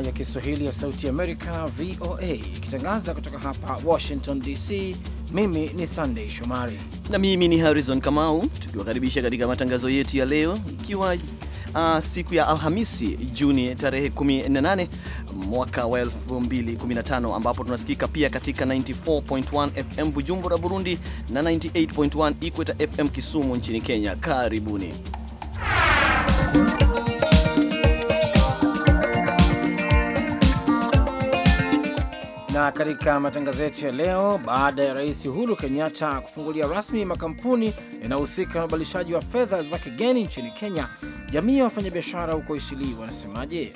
idhaa ya Kiswahili ya Sauti Amerika, VOA, ikitangaza kutoka hapa Washington DC. Mimi ni Sandey Shomari na mimi ni Harrison Kamau, tukiwakaribisha katika matangazo yetu ya leo, ikiwa uh, siku ya Alhamisi Juni tarehe 18 mwaka wa 2015 ambapo tunasikika pia katika 94.1 FM Bujumbura, Burundi na 98.1 Ikweta FM Kisumu nchini Kenya. Karibuni. Na katika matangazo yetu ya leo, baada ya Rais Uhuru Kenyatta kufungulia rasmi makampuni yanayohusika na ubadilishaji wa fedha za kigeni nchini Kenya, jamii ya wafanyabiashara huko Isilii wanasemaje?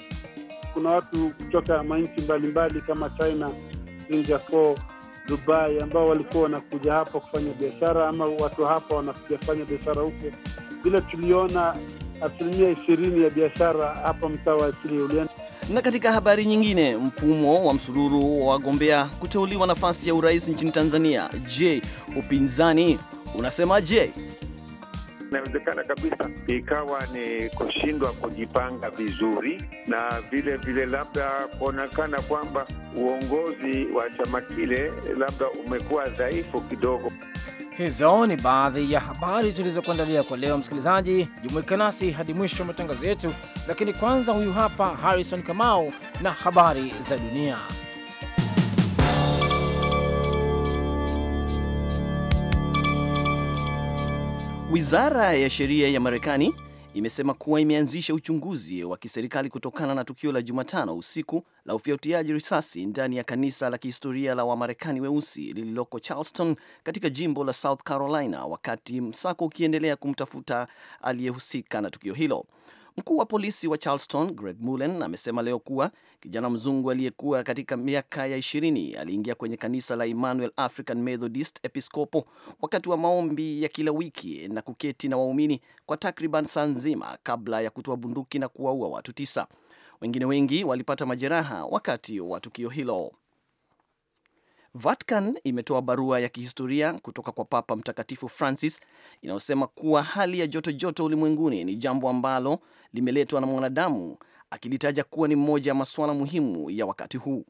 Kuna watu kutoka manchi mbalimbali kama China, Singapore, Dubai ambao walikuwa wanakuja hapa kufanya biashara, ama watu hapa wanakuja kufanya biashara huko. Vile tuliona asilimia ishirini ya biashara hapa mtaa wa Isilii ulienda na katika habari nyingine, mfumo wa msururu wa wagombea kuteuliwa nafasi ya urais nchini Tanzania. Je, upinzani unasema je inawezekana kabisa ikawa ni kushindwa kujipanga vizuri, na vile vile labda kuonekana kwamba uongozi wa chama kile labda umekuwa dhaifu kidogo. Hizo ni baadhi ya habari tulizokuandalia kwa leo. Msikilizaji, jumuika nasi hadi mwisho wa matangazo yetu, lakini kwanza, huyu hapa Harrison Kamau na habari za dunia. Wizara ya Sheria ya Marekani imesema kuwa imeanzisha uchunguzi wa kiserikali kutokana na tukio la Jumatano usiku la ufyatuaji risasi ndani ya kanisa la kihistoria la Wamarekani weusi lililoko Charleston katika jimbo la South Carolina, wakati msako ukiendelea kumtafuta aliyehusika na tukio hilo. Mkuu wa polisi wa Charleston Greg Mullen amesema leo kuwa kijana mzungu aliyekuwa katika miaka ya ishirini aliingia kwenye kanisa la Emmanuel African Methodist Episcopo wakati wa maombi ya kila wiki na kuketi na waumini kwa takriban saa nzima kabla ya kutoa bunduki na kuwaua watu tisa. Wengine wengi walipata majeraha wakati wa tukio hilo. Vatican imetoa barua ya kihistoria kutoka kwa Papa Mtakatifu Francis inayosema kuwa hali ya joto joto ulimwenguni ni jambo ambalo limeletwa na mwanadamu, akilitaja kuwa ni mmoja ya masuala muhimu ya wakati huu.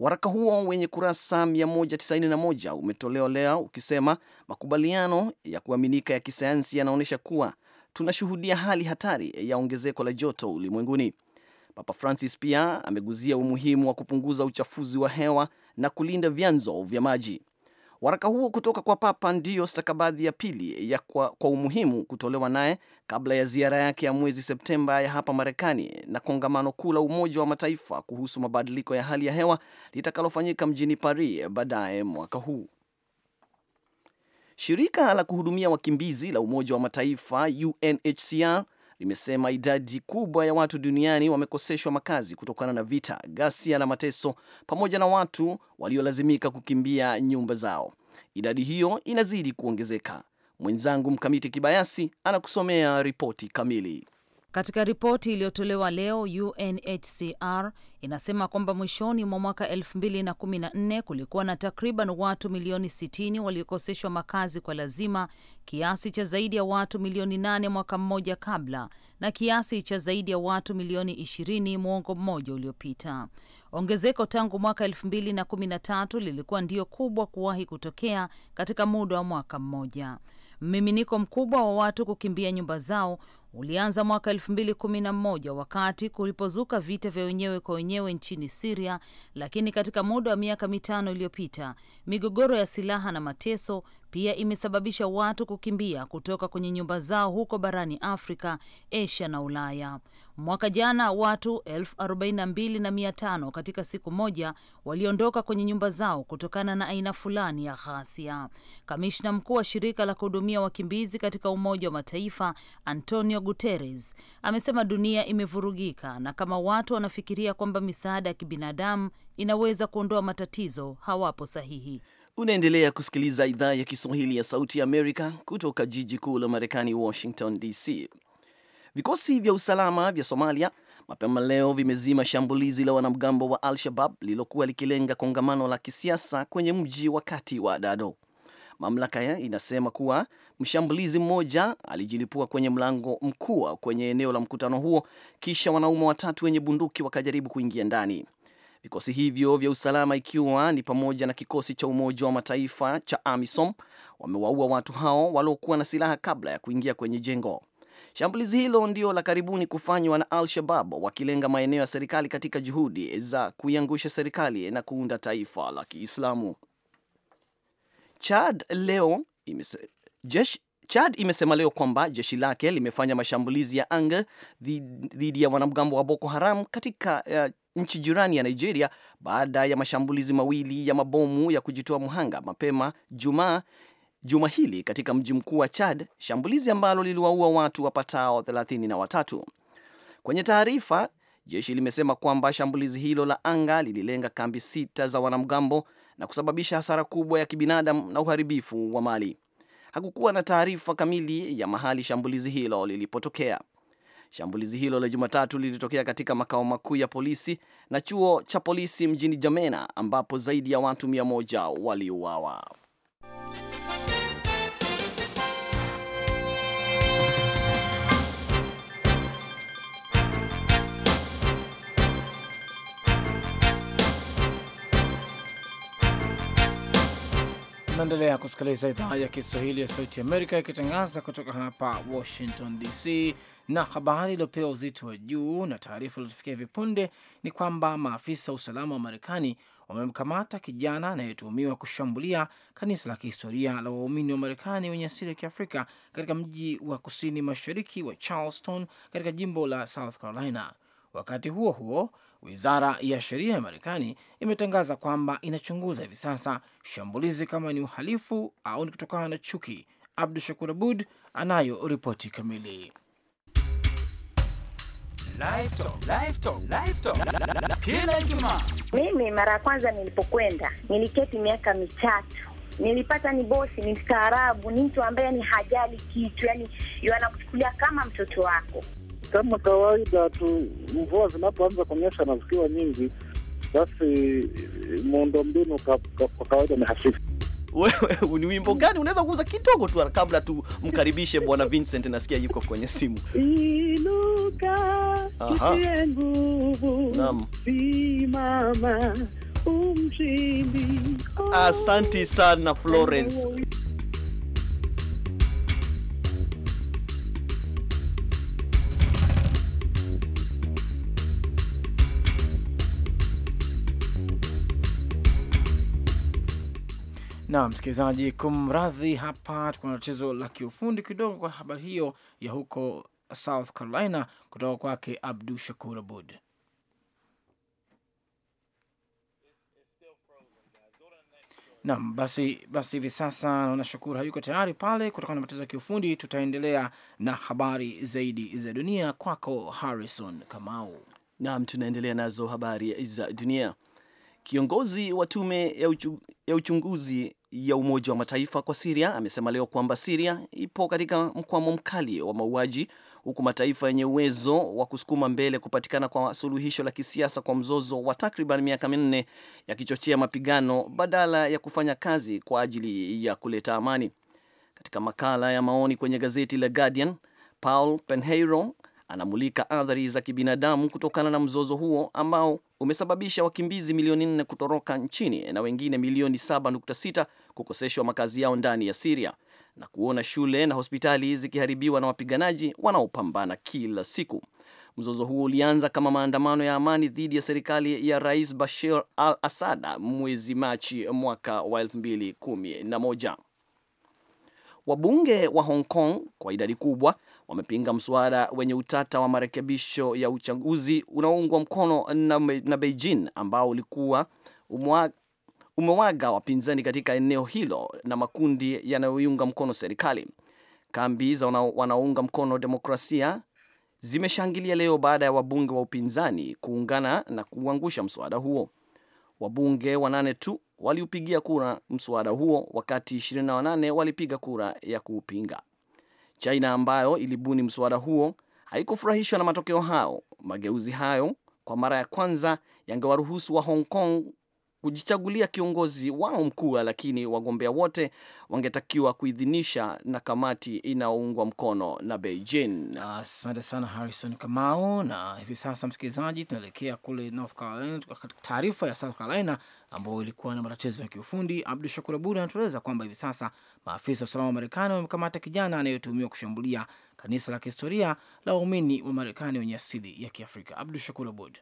Waraka huo wenye kurasa 191 umetolewa leo ukisema makubaliano ya kuaminika ya kisayansi yanaonyesha kuwa tunashuhudia hali hatari ya ongezeko la joto ulimwenguni. Papa Francis pia ameguzia umuhimu wa kupunguza uchafuzi wa hewa na kulinda vyanzo vya maji. Waraka huo kutoka kwa Papa ndiyo stakabadhi ya pili ya kwa, kwa umuhimu kutolewa naye kabla ya ziara yake ya mwezi Septemba ya hapa Marekani na kongamano kuu la Umoja wa Mataifa kuhusu mabadiliko ya hali ya hewa litakalofanyika mjini Paris baadaye mwaka huu. Shirika la kuhudumia wakimbizi la Umoja wa Mataifa UNHCR limesema idadi kubwa ya watu duniani wamekoseshwa makazi kutokana na vita, ghasia na mateso, pamoja na watu waliolazimika kukimbia nyumba zao. Idadi hiyo inazidi kuongezeka. Mwenzangu Mkamiti Kibayasi anakusomea ripoti kamili. Katika ripoti iliyotolewa leo, UNHCR inasema kwamba mwishoni mwa mwaka 2014 kulikuwa na takriban watu milioni 60 waliokoseshwa makazi kwa lazima, kiasi cha zaidi ya watu milioni 8 mwaka mmoja kabla na kiasi cha zaidi ya watu milioni 20 mwongo mmoja uliopita. Ongezeko tangu mwaka 2013 lilikuwa ndio kubwa kuwahi kutokea katika muda wa mwaka mmoja. Mmiminiko mkubwa wa watu kukimbia nyumba zao ulianza mwaka 2011 wakati kulipozuka vita vya wenyewe kwa wenyewe nchini Siria, lakini katika muda wa miaka mitano iliyopita migogoro ya silaha na mateso pia imesababisha watu kukimbia kutoka kwenye nyumba zao huko barani Afrika, Asia na Ulaya. Mwaka jana watu elfu na mia tano katika siku moja waliondoka kwenye nyumba zao kutokana na aina fulani ya ghasia. Kamishna mkuu wa shirika la kuhudumia wakimbizi katika Umoja wa Mataifa Antonio Guterres amesema dunia imevurugika, na kama watu wanafikiria kwamba misaada ya kibinadamu inaweza kuondoa matatizo hawapo sahihi. Unaendelea kusikiliza idhaa ya Kiswahili ya Sauti ya Amerika kutoka jiji kuu la Marekani, Washington DC. Vikosi vya usalama vya Somalia mapema leo vimezima shambulizi la wanamgambo wa Al-Shabab lililokuwa likilenga kongamano la kisiasa kwenye mji wa kati wa Dado. Mamlaka inasema kuwa mshambulizi mmoja alijilipua kwenye mlango mkuu kwenye eneo la mkutano huo, kisha wanaume watatu wenye bunduki wakajaribu kuingia ndani. Vikosi hivyo vya usalama ikiwa ni pamoja na kikosi cha Umoja wa Mataifa cha AMISOM wamewaua watu hao waliokuwa na silaha kabla ya kuingia kwenye jengo. Shambulizi hilo ndio la karibuni kufanywa na Al-Shabab wakilenga maeneo ya serikali katika juhudi za kuiangusha serikali na kuunda taifa la Kiislamu. Chad leo imese, jeshi Chad imesema leo kwamba jeshi lake limefanya mashambulizi ya anga dhidi ya wanamgambo wa Boko Haram katika uh, nchi jirani ya Nigeria baada ya mashambulizi mawili ya mabomu ya kujitoa mhanga mapema Jumaa juma hili katika mji mkuu wa Chad, shambulizi ambalo liliwaua watu wapatao thelathini na watatu. Kwenye taarifa, jeshi limesema kwamba shambulizi hilo la anga lililenga kambi sita za wanamgambo na kusababisha hasara kubwa ya kibinadamu na uharibifu wa mali hakukuwa na taarifa kamili ya mahali shambulizi hilo lilipotokea. Shambulizi hilo la Jumatatu lilitokea katika makao makuu ya polisi na chuo cha polisi mjini Jamena ambapo zaidi ya watu mia moja waliuawa. naendelea kusikiliza idhaa ya Kiswahili ya Sauti Amerika ikitangaza kutoka hapa Washington DC, na habari iliyopewa uzito wa juu na taarifa iliyotufikia hivi punde ni kwamba maafisa wa usalama wa Marekani wamemkamata kijana anayetuhumiwa kushambulia kanisa la kihistoria la waumini wa Marekani wenye asili ya Kiafrika katika mji wa kusini mashariki wa Charleston katika jimbo la South Carolina. Wakati huo huo, Wizara ya sheria ya Marekani imetangaza kwamba inachunguza hivi sasa shambulizi kama ni uhalifu au ni kutokana na chuki. Abdu Shakur Abud anayo ripoti kamili. Kila Ijumaa mimi mara ya kwanza nilipokwenda niliketi miaka mitatu nilipata ni bosi ni mstaarabu, ni mtu ambaye ni hajali kitu, yani yanakuchukulia kama mtoto wako. Kama kawaida tu, mvua zinapoanza kunyesha na zikiwa nyingi, basi eh, muundombinu kwa kawaida ni hafifu. Wewe ni wimbo gani unaweza kuuza kidogo tu kabla tumkaribishe Bwana Vincent? Nasikia yuko kwenye simu. Inuka nguvu, simama umshindi. Asanti sana Florence. na msikilizaji, kumradhi, hapa tuko na tatizo la kiufundi kidogo kwa habari hiyo ya huko South Carolina kutoka kwake Abdu Shakur Abud. Naam, basi basi, hivi sasa naona Shukuru hayuko tayari pale kutokana na matatizo ya kiufundi. Tutaendelea na habari zaidi za dunia kwako Harrison Kamau. Naam, tunaendelea nazo habari za dunia. Kiongozi wa tume ya, ya uchunguzi ya Umoja wa Mataifa kwa Siria amesema leo kwamba Siria ipo katika mkwamo mkali wa mauaji huku mataifa yenye uwezo wa kusukuma mbele kupatikana kwa suluhisho la kisiasa kwa mzozo wa takriban miaka minne yakichochea mapigano badala ya kufanya kazi kwa ajili ya kuleta amani. Katika makala ya maoni kwenye gazeti la Guardian, Paul Penheiro anamulika athari za kibinadamu kutokana na mzozo huo ambao umesababisha wakimbizi milioni nne kutoroka nchini na wengine milioni 7.6 kukoseshwa makazi yao ndani ya Siria na kuona shule na hospitali zikiharibiwa na wapiganaji wanaopambana kila siku. Mzozo huo ulianza kama maandamano ya amani dhidi ya serikali ya Rais Bashir al-Assad mwezi Machi mwaka wa 2011. Wabunge wa Hong Kong kwa idadi kubwa wamepinga mswada wenye utata wa marekebisho ya uchaguzi unaoungwa mkono na, na Beijing ambao ulikuwa umewaga wapinzani katika eneo hilo na makundi yanayoiunga mkono serikali. Kambi za wanaounga mkono demokrasia zimeshangilia leo baada ya wabunge wa upinzani kuungana na kuuangusha mswada huo wabunge wanane tu waliupigia kura mswada huo, wakati 28 walipiga kura ya kuupinga. China ambayo ilibuni mswada huo haikufurahishwa na matokeo hayo. Mageuzi hayo kwa mara ya kwanza yangewaruhusu wa Hong Kong kujichagulia kiongozi wao mkuu, lakini wagombea wote wangetakiwa kuidhinisha na kamati inayoungwa mkono na Beijing. Asante sana Harrison Kamau. Na hivi sasa, msikilizaji, tunaelekea kule North Carolina, taarifa ya South Carolina ambayo ilikuwa na matatizo ya kiufundi. Abdu Shakur Abud anatueleza kwamba hivi sasa maafisa wa usalama wa Marekani wamekamata kijana anayetuhumiwa kushambulia kanisa la kihistoria la waumini wa Marekani wenye asili ya Kiafrika. Abdu Shakur Abud.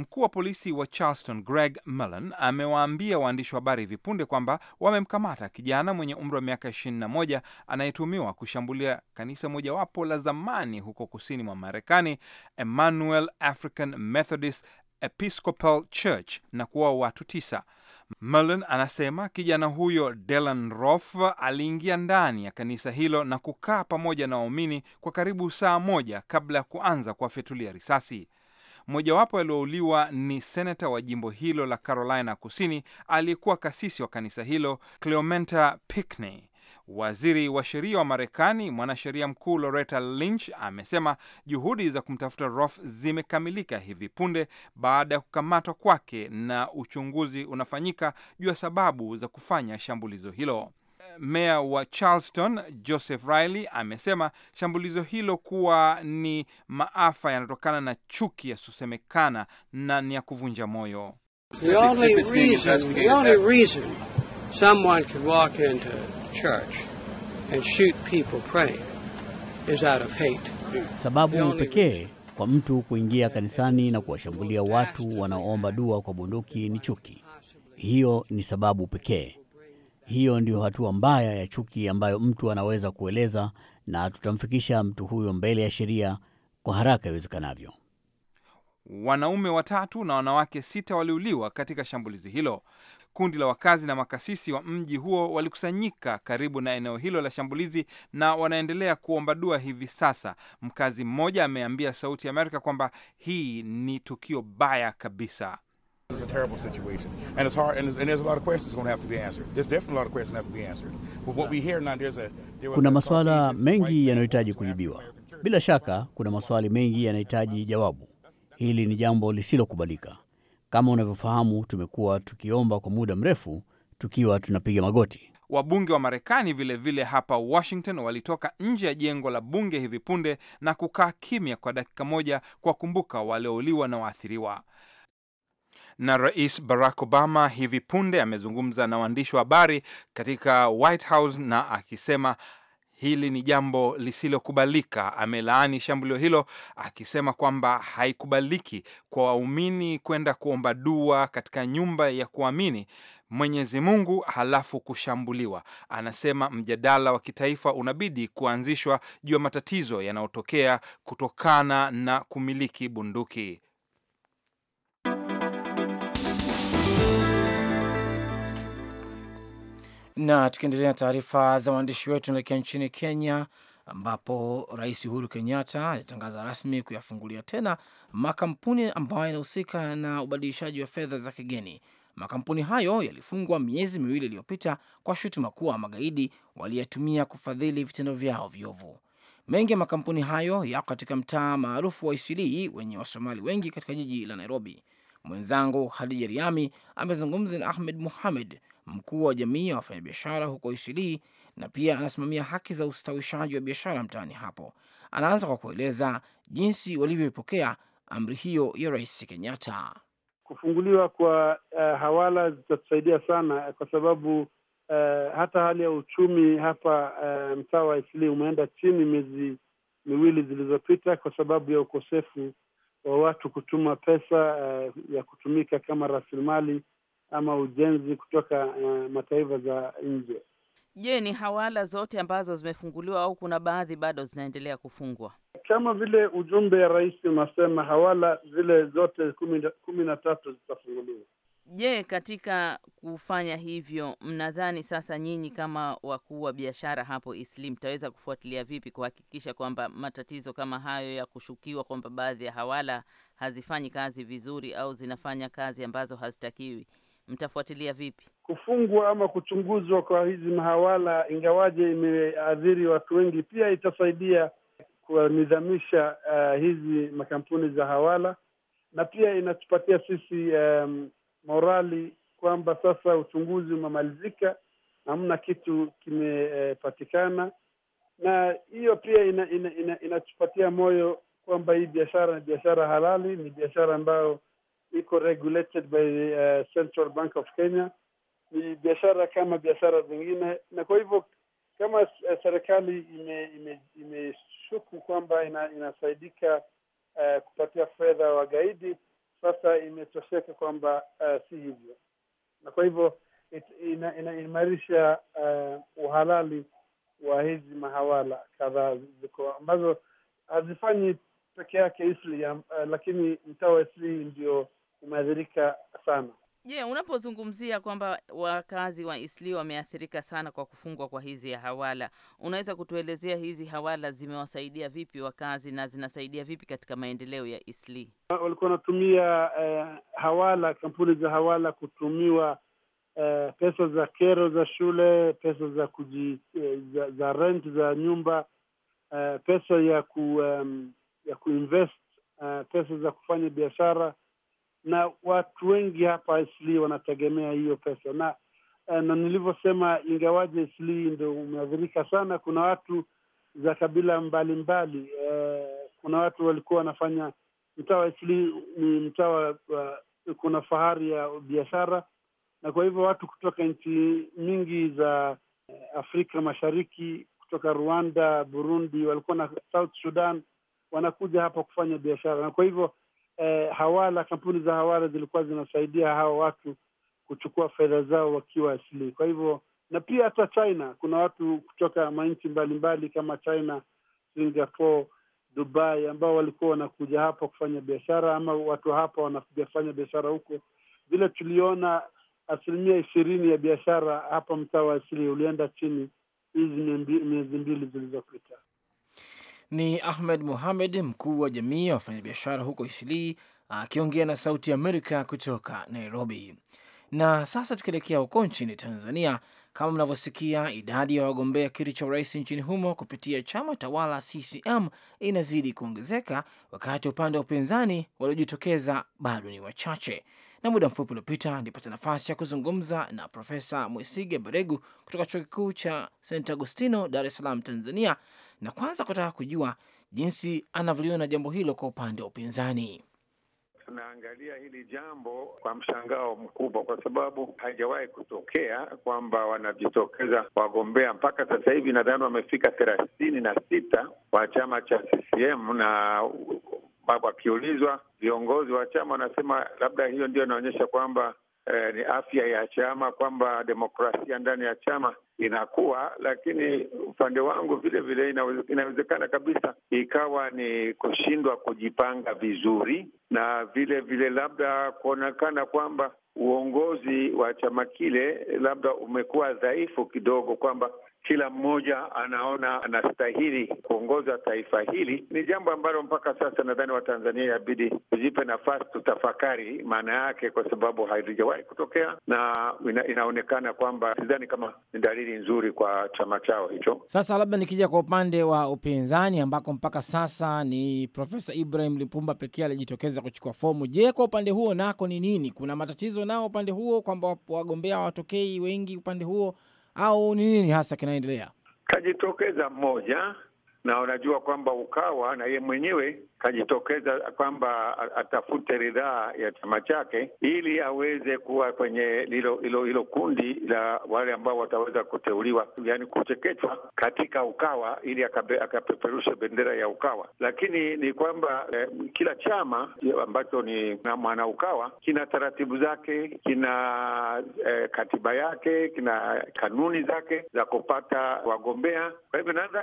Mkuu wa polisi wa Charleston Greg Mullen amewaambia waandishi wa habari hivi punde kwamba wamemkamata kijana mwenye umri wa miaka 21 anayetumiwa kushambulia kanisa mojawapo la zamani huko kusini mwa Marekani, Emmanuel African Methodist Episcopal Church na kuua watu tisa. Mullen anasema kijana huyo Delan rof aliingia ndani ya kanisa hilo na kukaa pamoja na waumini kwa karibu saa moja kabla ya kuanza kuwafyatulia risasi. Mojawapo aliouliwa ni senata wa jimbo hilo la Carolina Kusini aliyekuwa kasisi wa kanisa hilo Cleomenta Pinckney. Waziri wa sheria wa Marekani, mwanasheria mkuu Loretta Lynch amesema juhudi za kumtafuta Rof zimekamilika hivi punde baada ya kukamatwa kwake na uchunguzi unafanyika juu ya sababu za kufanya shambulizo hilo. Meya wa Charleston Joseph Riley amesema shambulizo hilo kuwa ni maafa yanatokana na chuki yasiosemekana na ni ya kuvunja moyo. Sababu pekee kwa mtu kuingia kanisani na kuwashambulia watu wanaoomba dua kwa bunduki ni chuki. Hiyo ni sababu pekee. Hiyo ndiyo hatua mbaya ya chuki ambayo mtu anaweza kueleza, na tutamfikisha mtu huyo mbele ya sheria kwa haraka iwezekanavyo. Wanaume watatu na wanawake sita waliuliwa katika shambulizi hilo. Kundi la wakazi na makasisi wa mji huo walikusanyika karibu na eneo hilo la shambulizi na wanaendelea kuomba dua hivi sasa. Mkazi mmoja ameambia Sauti ya Amerika kwamba hii ni tukio baya kabisa terrible situation. And it's hard, and there's, and there's a lot of questions going to have to be answered. There's definitely a lot of questions that have to be answered. But what we hear now, there's a, there kuna maswala mengi yanayohitaji kujibiwa. Bila shaka kuna maswali mengi yanahitaji jawabu. Hili ni jambo lisilokubalika. Kama unavyofahamu, tumekuwa tukiomba kwa muda mrefu tukiwa tunapiga magoti. Wabunge wa Marekani vilevile hapa Washington walitoka nje ya jengo la bunge hivi punde na kukaa kimya kwa dakika moja kuwakumbuka waliouliwa na waathiriwa na Rais Barack Obama hivi punde amezungumza na waandishi wa habari katika White House na akisema hili ni jambo lisilokubalika. Amelaani shambulio hilo akisema kwamba haikubaliki kwa waumini kwenda kuomba dua katika nyumba ya kuamini Mwenyezi Mungu halafu kushambuliwa. Anasema mjadala wa kitaifa unabidi kuanzishwa juu ya matatizo yanayotokea kutokana na kumiliki bunduki. Na tukiendelea na taarifa za waandishi wetu, naelekea nchini Kenya ambapo Rais Uhuru Kenyatta alitangaza rasmi kuyafungulia tena makampuni ambayo yanahusika na ubadilishaji wa fedha za kigeni. Makampuni hayo yalifungwa miezi miwili iliyopita kwa shutuma kuwa magaidi waliyatumia kufadhili vitendo vyao viovu. Mengi ya makampuni hayo yako katika mtaa maarufu wa Isilii wenye Wasomali wengi katika jiji la Nairobi. Mwenzangu Hadija Riami amezungumza na Ahmed Muhamed, mkuu wa jamii ya wafanyabiashara huko Isilii na pia anasimamia haki za ustawishaji wa biashara mtaani hapo. Anaanza kwa kueleza jinsi walivyoipokea amri hiyo ya Rais Kenyatta. Kufunguliwa kwa uh, hawala zitatusaidia sana eh, kwa sababu uh, hata hali ya uchumi hapa uh, mtaa wa Isilii umeenda chini miezi miwili zilizopita kwa sababu ya ukosefu wa watu kutuma pesa uh, ya kutumika kama rasilimali ama ujenzi kutoka uh, mataifa za nje. Je, ni hawala zote ambazo zimefunguliwa au kuna baadhi bado zinaendelea kufungwa? Kama vile ujumbe ya rais unasema hawala zile zote kumi na tatu zitafunguliwa. Je, katika kufanya hivyo, mnadhani sasa nyinyi kama wakuu wa biashara hapo Isli mtaweza kufuatilia vipi kuhakikisha kwamba matatizo kama hayo ya kushukiwa kwamba baadhi ya hawala hazifanyi kazi vizuri au zinafanya kazi ambazo hazitakiwi mtafuatilia vipi kufungwa ama kuchunguzwa kwa hizi mahawala? Ingawaje imeathiri watu wengi, pia itasaidia kuwanidhamisha uh, eh, hizi makampuni za hawala, na pia inatupatia sisi um, morali kwamba sasa uchunguzi umemalizika, hamna kitu kimepatikana, na hiyo pia inatupatia ina, ina, ina moyo kwamba hii biashara ni biashara halali, ni biashara ambayo iko regulated by uh, Central Bank of Kenya. Ni biashara kama biashara zingine, na kwa hivyo kama uh, serikali imeshuku ime, kwamba ina, inasaidika uh, kupatia fedha wagaidi, sasa imetosheka kwamba uh, si hivyo, na kwa hivyo inaimarisha ina, uh, uhalali wa hizi mahawala kadhaa ziko ambazo hazifanyi peke yake Isli, uh, lakini mtaa wa Isli ndio umeathirika sana. Je, yeah, unapozungumzia kwamba wakazi wa Isli wameathirika sana kwa kufungwa kwa hizi ya hawala, unaweza kutuelezea hizi hawala zimewasaidia vipi wakazi na zinasaidia vipi katika maendeleo ya Isli? Walikuwa wanatumia eh, hawala, kampuni za hawala kutumiwa eh, pesa za kero za shule, pesa za kuji, eh, za, za rent za nyumba eh, pesa ya ku, um, ya kuinvest eh, pesa za kufanya biashara na watu wengi hapa Eastleigh wanategemea hiyo pesa na eh, na nilivyosema, ingawaje Eastleigh ndo umeathirika sana, kuna watu za kabila mbalimbali mbali. Eh, e, kuna watu walikuwa wanafanya mtaa wa Eastleigh ni mtaa wa kuna fahari ya biashara, na kwa hivyo watu kutoka nchi nyingi za eh, Afrika Mashariki, kutoka Rwanda, Burundi, walikuwa na South Sudan wanakuja hapa kufanya biashara, na kwa hivyo eh, hawala, kampuni za hawala zilikuwa zinasaidia hawa watu kuchukua fedha zao wakiwa asili. Kwa hivyo na pia hata China, kuna watu kutoka manchi mbalimbali kama China, Singapore, Dubai ambao walikuwa wanakuja hapa kufanya biashara, ama watu hapa wanafanya biashara huko. Vile tuliona asilimia ishirini ya biashara hapa mtaa wa asili ulienda chini hizi miezi mbili zilizopita. Ni Ahmed muhamed mkuu wa jamii ya wafanyabiashara huko Ishilii, akiongea na Sauti Amerika kutoka Nairobi. Na sasa tukielekea huko nchini Tanzania, kama mnavyosikia, idadi ya wagombea kiti cha urais nchini humo kupitia chama tawala CCM inazidi kuongezeka, wakati upande wa upinzani waliojitokeza bado ni wachache. Na muda mfupi uliopita nilipata nafasi ya kuzungumza na Profesa mwesige Baregu kutoka chuo kikuu cha St Agostino, Dar es Salaam, Tanzania, na kwanza kutaka kujua jinsi anavyoliona jambo hilo kwa upande wa upinzani. Naangalia hili jambo kwa mshangao mkubwa, kwa sababu haijawahi kutokea kwamba wanajitokeza wagombea. Mpaka sasa hivi nadhani wamefika thelathini na sita wa chama cha CCM na wakiulizwa viongozi wa chama wanasema labda hiyo ndio inaonyesha kwamba eh, ni afya ya chama, kwamba demokrasia ndani ya chama inakuwa, lakini upande wangu vile vile inawezekana kabisa ikawa ni kushindwa kujipanga vizuri, na vile vile labda kuonekana kwamba uongozi wa chama kile labda umekuwa dhaifu kidogo, kwamba kila mmoja anaona anastahili kuongoza taifa hili, ni jambo ambalo mpaka sasa nadhani Watanzania yabidi tujipe nafasi tutafakari maana yake, kwa sababu halijawahi kutokea na ina, inaonekana kwamba sidhani kama ni dalili nzuri kwa chama chao hicho. Sasa labda nikija kwa upande wa upinzani ambako mpaka sasa ni Profesa Ibrahim Lipumba pekee alijitokeza kuchukua fomu. Je, kwa upande huo nako ni nini? Kuna matatizo nao upande huo kwamba wagombea hawatokei wengi upande huo au ni nini hasa kinaendelea? Kajitokeza mmoja na unajua kwamba Ukawa na ye mwenyewe kajitokeza kwamba atafute ridhaa ya chama chake ili aweze kuwa kwenye hilo kundi la wale ambao wataweza kuteuliwa, yani kuchekechwa katika Ukawa ili akapeperushe bendera ya Ukawa. Lakini ni kwamba eh, kila chama ambacho ni mwana Ukawa kina taratibu zake, kina eh, katiba yake, kina kanuni zake za kupata wagombea. Kwa hivyo nadha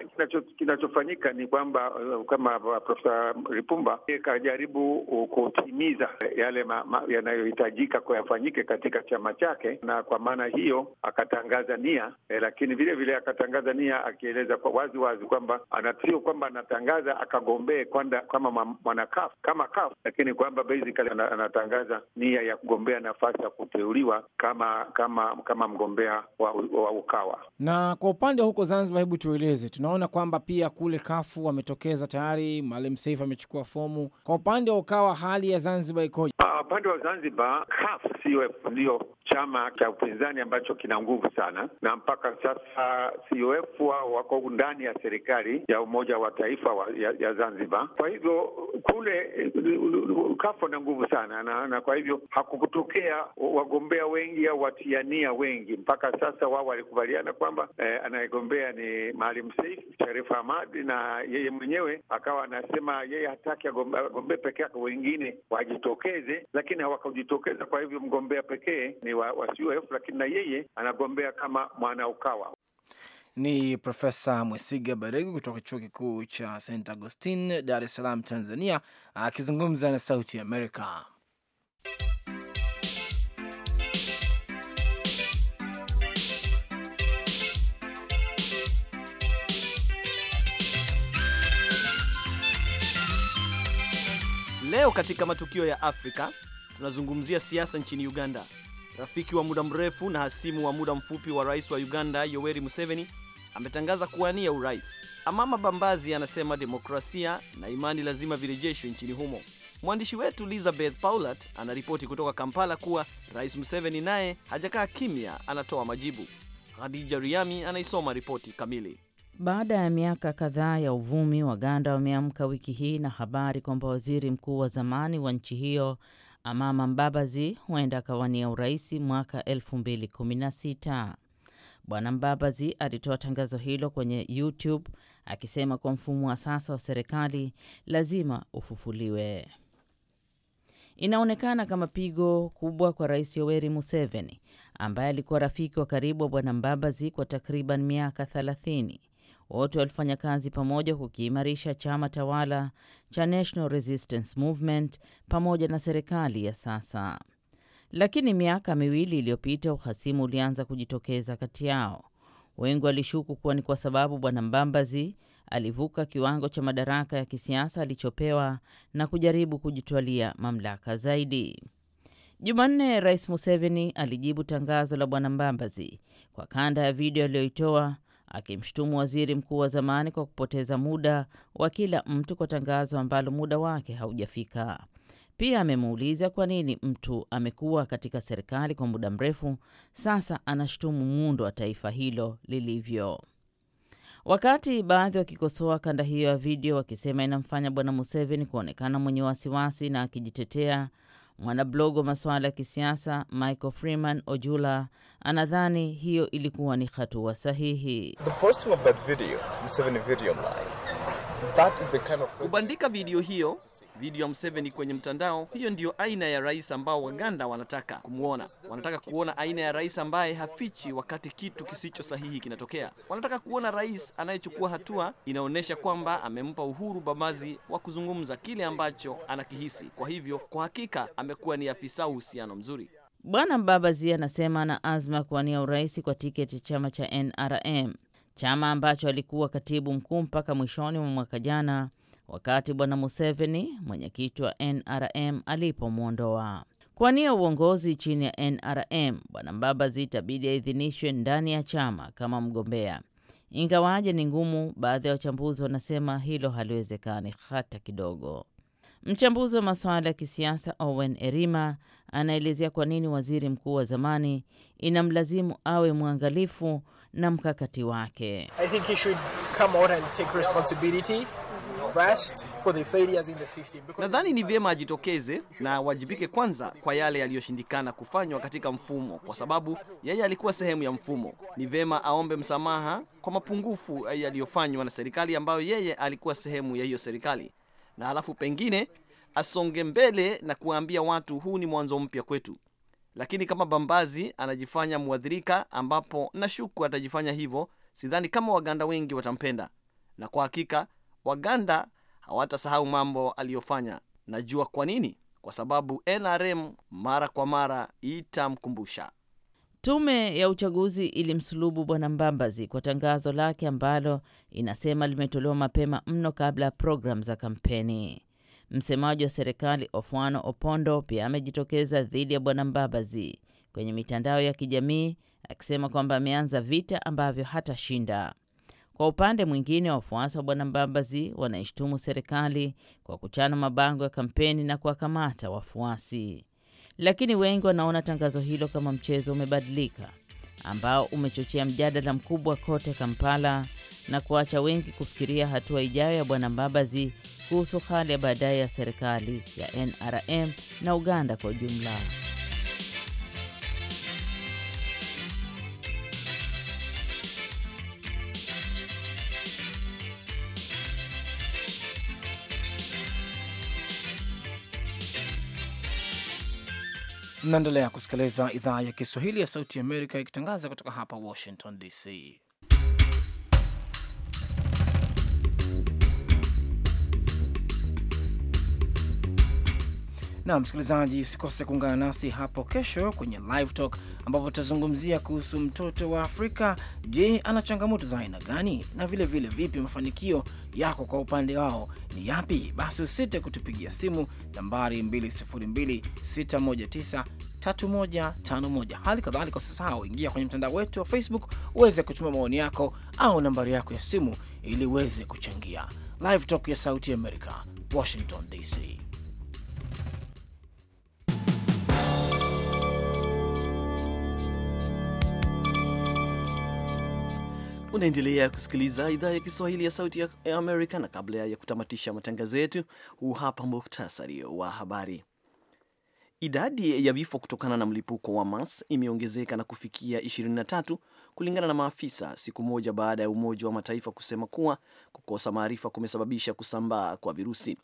kinachofanyika kina ni kwamba eh, kama Profesa Lipumba ikajaribu uh, kutimiza yale yanayohitajika kuyafanyike katika chama chake, na kwa maana hiyo akatangaza nia eh, lakini vile vile akatangaza nia akieleza kwa wazi wazi kwamba sio kwamba anatangaza akagombee kama mwanakaf kama kaf, lakini kwamba basically anatangaza nia ya kugombea nafasi ya kuteuliwa kama kama kama mgombea wa, wa Ukawa. Na kwa upande wa huko Zanzibar, hebu tueleze, tunaona kwamba pia kule kafu wametokeza tayari Maalim Seif imechukua fomu. Kwa upande wa Ukawa, hali ya Zanzibar ikoje? Upande wa Zanzibar, CUF CUF ndio chama cha upinzani ambacho kina nguvu sana, na mpaka sasa COF wao wako ndani ya serikali ya umoja wa taifa wa, ya, ya Zanzibar. Kwa hivyo kule kafu na nguvu sana na, na kwa hivyo hakukutokea wagombea wengi au watiania wengi. Mpaka sasa wao walikubaliana kwamba eh, anayegombea ni Maalim Seif Sharif Hamad, na yeye mwenyewe akawa anasema yeye hataki agombee peke yake, wengine wajitokeze, lakini hawakujitokeza. Kwa hivyo mgo mgombea pekee ni wa, wa CUF, lakini na yeye anagombea kama mwana Ukawa. Ni Profesa Mwesiga Baregu kutoka chuo kikuu cha St Agustin, Dar es Salaam, Tanzania, akizungumza na Sauti ya Amerika. Leo katika matukio ya Afrika Tunazungumzia siasa nchini Uganda. Rafiki wa muda mrefu na hasimu wa muda mfupi wa rais wa Uganda Yoweri Museveni ametangaza kuwania urais. Amama Bambazi anasema demokrasia na imani lazima virejeshwe nchini humo. Mwandishi wetu Elizabeth Paulat anaripoti kutoka Kampala kuwa Rais Museveni naye hajakaa kimya, anatoa majibu. Khadija Riami anaisoma ripoti kamili. Baada ya miaka kadhaa ya uvumi, Waganda wameamka wiki hii na habari kwamba waziri mkuu wa zamani wa nchi hiyo Amama Mbabazi huenda akawania uraisi mwaka 2016. Bwana Mbabazi alitoa tangazo hilo kwenye YouTube akisema kuwa mfumo wa sasa wa serikali lazima ufufuliwe. Inaonekana kama pigo kubwa kwa Rais Yoweri Museveni ambaye alikuwa rafiki wa karibu wa Bwana Mbabazi kwa takriban miaka 30. Wote walifanya kazi pamoja kukiimarisha chama tawala cha National Resistance Movement pamoja na serikali ya sasa. Lakini miaka miwili iliyopita uhasimu ulianza kujitokeza kati yao. Wengi walishuku kuwa ni kwa sababu Bwana Mbambazi alivuka kiwango cha madaraka ya kisiasa alichopewa na kujaribu kujitwalia mamlaka zaidi. Jumanne, Rais Museveni alijibu tangazo la Bwana Mbambazi kwa kanda ya video aliyoitoa akimshutumu waziri mkuu wa zamani kwa kupoteza muda wa kila mtu kwa tangazo ambalo muda wake haujafika. Pia amemuuliza kwa nini mtu amekuwa katika serikali kwa muda mrefu sasa anashutumu muundo wa taifa hilo lilivyo. Wakati baadhi wakikosoa kanda hiyo ya video wakisema inamfanya Bwana Museveni kuonekana mwenye wasiwasi na akijitetea, Mwanablogu wa masuala ya kisiasa Michael Freeman Ojula anadhani hiyo ilikuwa ni hatua sahihi. The posting of that video, Museveni video line kubandika video hiyo, video ya Museveni kwenye mtandao. Hiyo ndiyo aina ya rais ambao Waganda wanataka kumwona. Wanataka kuona aina ya rais ambaye hafichi wakati kitu kisicho sahihi kinatokea. Wanataka kuona rais anayechukua hatua inaonyesha kwamba amempa uhuru Bamazi wa kuzungumza kile ambacho anakihisi. Kwa hivyo, kwa hakika amekuwa ni afisa uhusiano mzuri. Bwana Mbabazi anasema ana azma ya kuwania urais kwa tiketi chama cha NRM chama ambacho alikuwa katibu mkuu mpaka mwishoni mwa mwaka jana wakati bwana Museveni, mwenyekiti wa NRM, alipomwondoa. nia uongozi chini ya NRM, bwana Mbabazi itabidi aidhinishwe ndani ya chama kama mgombea, ingawaje ni ngumu. Baadhi ya wachambuzi wanasema hilo haliwezekani hata kidogo. Mchambuzi wa masuala ya kisiasa Owen Erima anaelezea kwa nini waziri mkuu wa zamani inamlazimu awe mwangalifu na mkakati wake. Nadhani ni vyema ajitokeze na awajibike kwanza kwa yale yaliyoshindikana kufanywa katika mfumo, kwa sababu yeye alikuwa sehemu ya mfumo. Ni vyema aombe msamaha kwa mapungufu yaliyofanywa na serikali ambayo yeye alikuwa sehemu ya hiyo serikali, na halafu pengine asonge mbele na kuwaambia watu, huu ni mwanzo mpya kwetu lakini kama Bambazi anajifanya mwadhirika, ambapo nashuku atajifanya hivyo, sidhani kama Waganda wengi watampenda, na kwa hakika Waganda hawatasahau mambo aliyofanya. Najua kwa nini, kwa sababu NRM mara kwa mara itamkumbusha. Tume ya uchaguzi ilimsulubu Bwana Mbambazi kwa tangazo lake ambalo inasema limetolewa mapema mno kabla ya programu za kampeni. Msemaji wa serikali Ofwano Opondo pia amejitokeza dhidi ya bwana Mbabazi kwenye mitandao ya kijamii akisema kwamba ameanza vita ambavyo hatashinda. Kwa upande mwingine, wafuasi wa bwana Mbabazi wanaishtumu serikali kwa kuchana mabango ya kampeni na kuwakamata wafuasi, lakini wengi wanaona tangazo hilo kama mchezo umebadilika ambao umechochea mjadala mkubwa kote Kampala na kuacha wengi kufikiria hatua ijayo ya bwana Mbabazi kuhusu hali ya baadaye ya serikali ya NRM na Uganda kwa ujumla. Mnaendelea kusikiliza idhaa ya Kiswahili ya Sauti ya Amerika ikitangaza kutoka hapa Washington DC. Na msikilizaji, usikose kuungana nasi hapo kesho kwenye Live Talk ambapo tutazungumzia kuhusu mtoto wa Afrika. Je, ana changamoto za aina gani? Na vilevile vile vipi mafanikio yako kwa upande wao ni yapi? Basi usite kutupigia simu nambari 2026193151. Hali kadhalika usisahau, ingia kwenye mtandao wetu wa Facebook uweze kutuma maoni yako au nambari yako ya simu ili uweze kuchangia. Live Talk ya Sauti ya Amerika, Washington DC. Unaendelea kusikiliza idhaa ya Kiswahili ya Sauti ya Amerika, na kabla ya kutamatisha matangazo yetu, huu hapa muktasari wa habari. Idadi ya vifo kutokana na mlipuko wa MERS imeongezeka na kufikia 23 kulingana na maafisa, siku moja baada ya Umoja wa Mataifa kusema kuwa kukosa maarifa kumesababisha kusambaa kwa virusi.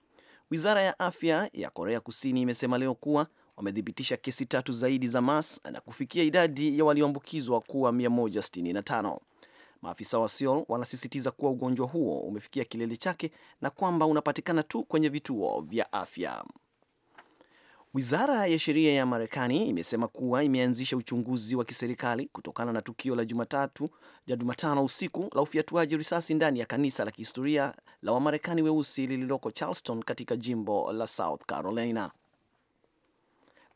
Wizara ya afya ya Korea Kusini imesema leo kuwa wamethibitisha kesi tatu zaidi za MERS na kufikia idadi ya walioambukizwa kuwa 165. Maafisa wa Seoul wanasisitiza kuwa ugonjwa huo umefikia kilele chake na kwamba unapatikana tu kwenye vituo vya afya. Wizara ya sheria ya Marekani imesema kuwa imeanzisha uchunguzi wa kiserikali kutokana na tukio la Jumatatu ya Jumatano usiku la ufiatuaji risasi ndani ya kanisa la kihistoria la Wamarekani weusi lililoko Charleston katika jimbo la South Carolina.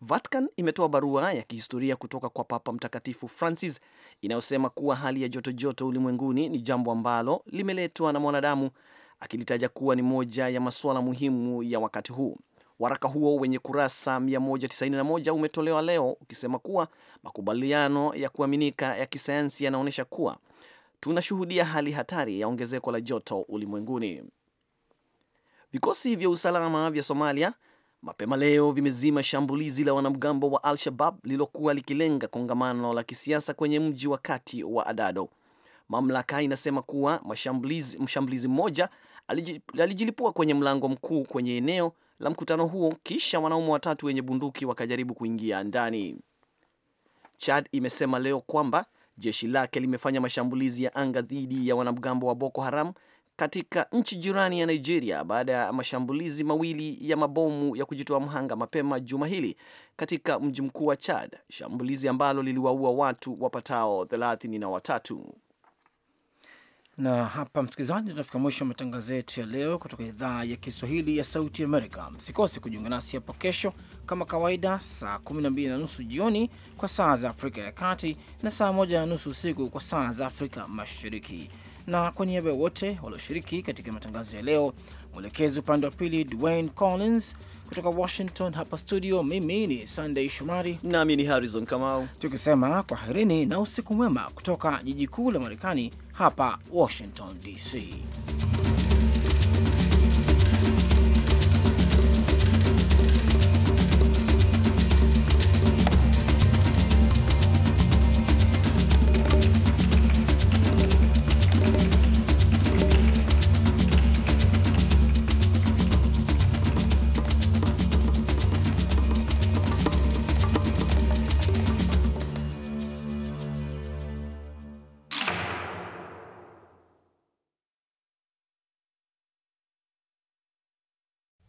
Vatican imetoa barua ya kihistoria kutoka kwa Papa Mtakatifu Francis inayosema kuwa hali ya joto joto ulimwenguni ni jambo ambalo limeletwa na mwanadamu, akilitaja kuwa ni moja ya masuala muhimu ya wakati huu. Waraka huo wenye kurasa 191 umetolewa leo ukisema kuwa makubaliano ya kuaminika ya kisayansi yanaonyesha kuwa tunashuhudia hali hatari ya ongezeko la joto ulimwenguni. Vikosi vya usalama vya Somalia mapema leo vimezima shambulizi la wanamgambo wa Al-Shabab lililokuwa likilenga kongamano la kisiasa kwenye mji wa kati wa Adado. Mamlaka inasema kuwa mshambulizi mmoja alijilipua kwenye mlango mkuu kwenye eneo la mkutano huo, kisha wanaume watatu wenye bunduki wakajaribu kuingia ndani. Chad imesema leo kwamba jeshi lake limefanya mashambulizi ya anga dhidi ya wanamgambo wa Boko Haram katika nchi jirani ya Nigeria baada ya mashambulizi mawili ya mabomu ya kujitoa mhanga mapema juma hili katika mji mkuu wa Chad, shambulizi ambalo liliwaua watu wapatao thelathini na watatu. Na hapa msikilizaji, tunafika mwisho wa matangazo yetu ya leo kutoka idhaa ya Kiswahili ya Sauti Amerika. Msikose kujiunga nasi hapo kesho kama kawaida, saa 12 na nusu jioni kwa saa za Afrika ya Kati na saa 1 na nusu usiku kwa saa za Afrika Mashariki na kwa niaba ya wote walioshiriki katika matangazo ya leo, mwelekezi upande wa pili Dwayne Collins kutoka Washington. Hapa studio, mimi ni Sunday Shomari nami ni Harrison Kamau, tukisema kwaherini na usiku mwema kutoka jiji kuu la Marekani, hapa Washington DC.